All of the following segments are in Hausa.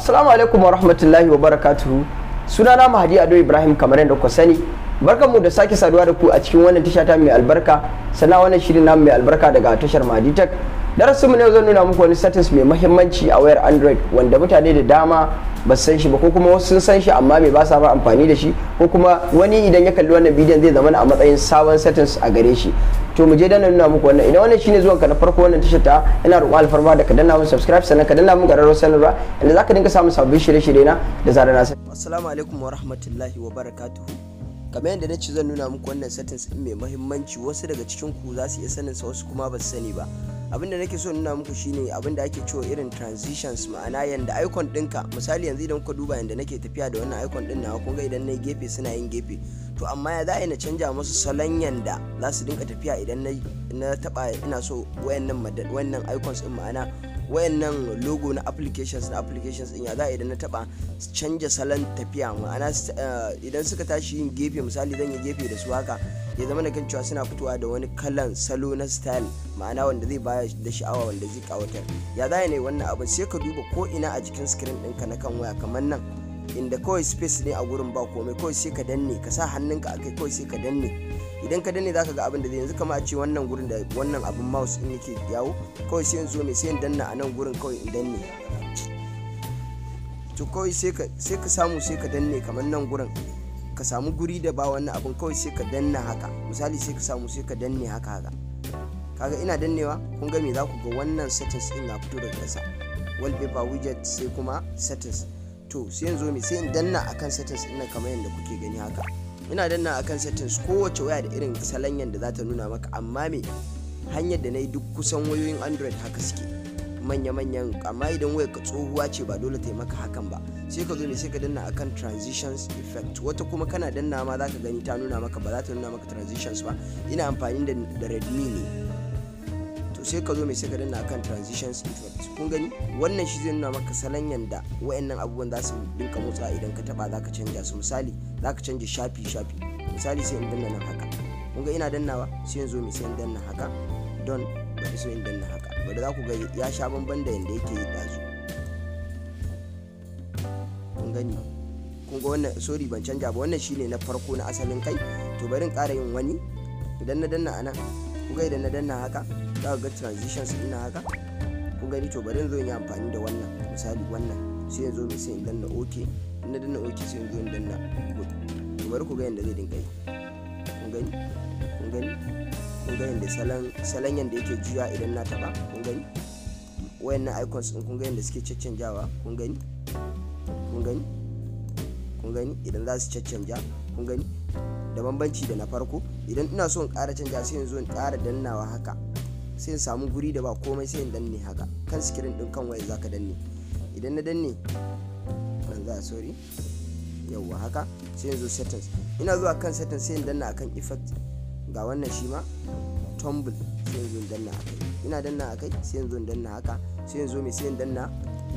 Assalamu alaikum wa rahmatullahi wa barakatuhu. na Mahadi Ado Ibrahim kamar yadda ku sani. Barkanmu da sake saduwa da ku a cikin wannan tasha ta mai albarka. Sana wannan shirin namu mai albarka daga tashar Mahadi Tech. darasin mu zan nuna muku wani settings mai mahimmanci a wayar android wanda mutane da dama ba san shi ba ko kuma wasu sun san shi amma bai ba sa ba amfani da shi ko kuma wani idan ya kalli wannan bidiyon zai zamana a matsayin sabon settings a gare shi to mu je dana nuna muku wannan idan wannan shine zuwan ka na farko wannan tashar ta ina roƙon alfarma da ka danna mun subscribe sannan ka danna mun garar sanarwa inda zaka dinga samun sabbin shirye-shirye na da zarar na assalamu alaikum wa rahmatullahi wa barakatuhu kamar yadda na ce zan nuna muku wannan settings mai mahimmanci wasu daga cikin ku za su iya sanin sa wasu kuma ba su sani ba abinda nake so nuna muku shine abinda ake cewa irin transitions ma'ana yanda icon dinka misali yanzu idan kuka duba yanda nake tafiya da wannan icon din nawa kun ga idan nayi gefe suna yin gefe to amma ya za na canja musu salon yanda za su dinka tafiya idan na taba ina so wayannan wannan icons din ma'ana wayannan logo na applications na applications din ya za idan na taba canja salon tafiya ma'ana eh, idan suka tashi yin gefe misali zan yi gefe da su haka ya zama da kan cewa suna fitowa da wani kalan salo na style ma'ana wanda zai baya da sha'awa wanda zai kawatar ya za ne wannan abin sai ka duba ko ina a jikin screen ɗinka na kan waya kamar nan inda kawai space ne a gurin ba komai kawai sai ka danne ka sa hannunka a kai kawai sai ka danne idan ka danne zaka ga abin da zai yanzu kama a ce wannan gurin da wannan abin mouse in yake yawo kawai sai in zo ne sai in danna a nan gurin kawai in danne to kawai sai ka samu sai ka danne kamar nan gurin ka samu guri da ba wannan abin kawai sai ka danna haka misali sai ka samu sai ka danne haka haka kaga ina dannewa kun ga me za ku ga wannan settings din ya fito daga ƙasa wallpaper widget sai kuma settings to sai yanzu me sai in danna akan settings din kamar yadda kuke gani haka ina danna akan settings kowace waya da irin salon yadda za ta nuna maka amma me hanyar da na yi duk kusan wayoyin android haka suke manya-manyan amma idan wai ka tsohuwa ce ba dole ta maka hakan ba sai ka zo ne sai ka danna akan transitions effect wata kuma kana danna ma za ka gani ta nuna maka ba za ta nuna maka transitions ba ina amfani da redmi ne to sai ka zo mai sai ka danna akan transitions effect kun gani wannan shi zai nuna maka salon yanda wa'annan abubuwan za su dinka motsa idan ka taba ka canja su misali za ka canja shafi shafi misali sai in danna nan haka kun ga ina dannawa sai in zo mai sai in danna haka don ba sai in danna haka bari za ku ga ya sha bamban da yadda yake yi ɗazu kun gani kun ga wannan sorry ban canja ba wannan shine na farko na asalin kai to bari in ƙara yin wani idan na danna ana ku ga idan na danna haka za ku ga transitions ina haka kun gani to bari in zo in yi amfani da wannan misali wannan sai in zo mai sai in danna ok in na danna ok sai in zo in danna good to bari ku ga yadda zai dinga yi kun gani kun gani kun gani da salon yadda yake juya idan na taba kun gani wayannan icons din kun gani da suke caccanjawa kun gani kun gani kun gani idan za su caccanja kun gani da bambanci da na farko idan ina so in ƙara canja sai in zo in ƙara dannawa haka sai in samu guri da ba komai sai in danne haka kan sikirin din kan waya zaka danne idan na danne nan za sorry yawwa haka sai in zo settings ina zuwa kan settings sai in danna akan effect ga wannan shi ma tumble sai yanzu danna akai ina danna akai sai yanzu danna haka sai yanzu mai sai in danna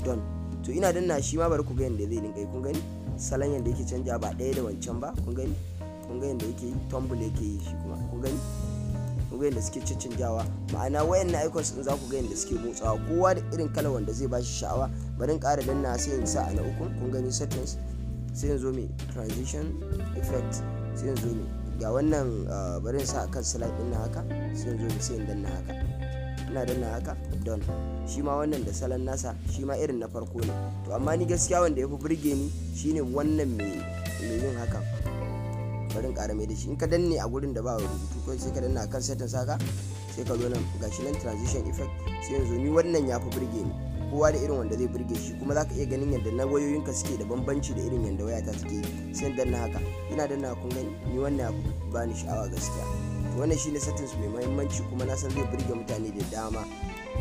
don to ina danna shi ma bari ku ga yanda zai dinga yi kun gani salon yanda yake canja ba ɗaya da wancan ba kun gani kun ga yanda yake yi tumble yake yi shi kuma kun gani kun ga yanda suke caccanjawa ma'ana wayannan icons din za ku ga yanda suke motsawa kowa da irin kalar wanda zai bashi sha'awa bari in ƙara danna sai in sa a na ukun kun gani settings sai yanzu mai transition effect sai yanzu mai ga wannan ah, barin sa akan slide din haka sai zo sai in danna haka ina danna haka don shi ma wannan da salon nasa shi ma irin na farko ne to amma ni gaskiya wanda ya fi burge ni shine wannan mai yin hakan barin ƙara mai da shi in ka danne a gurin da ba rubutu kai sai ka danna akan settings haka sai ka zo nan gashi nan transition effect sai yanzu ni wannan ya fi burge ni kowa da irin wanda zai burge shi kuma zaka iya ganin yadda na wayoyinka suke da bambanci da irin yadda wayata take yi sai na haka ina na kun ni wannan abu bani sha'awa gaskiya to wannan shine settings mai muhimmanci kuma na san zai burge mutane da dama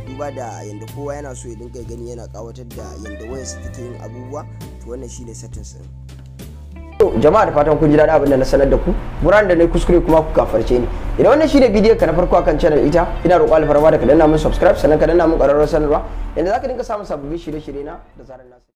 duba da yadda kowa yana so ya dinga gani yana kawatar da yadda wayarsa take yin abubuwa to wannan shine settings din jama'a da fatan kun ji daɗi abin na sanar da ku buran da na kuskure kuma ku kafarce ni idan wannan ne bidiyon ka na farko akan channel ita ina roƙo alfarma da ka danna min subscribe sannan ka danna min ƙararrawar sanarwa za zaka dinga samun sababbin shirye-shirye na da zarar na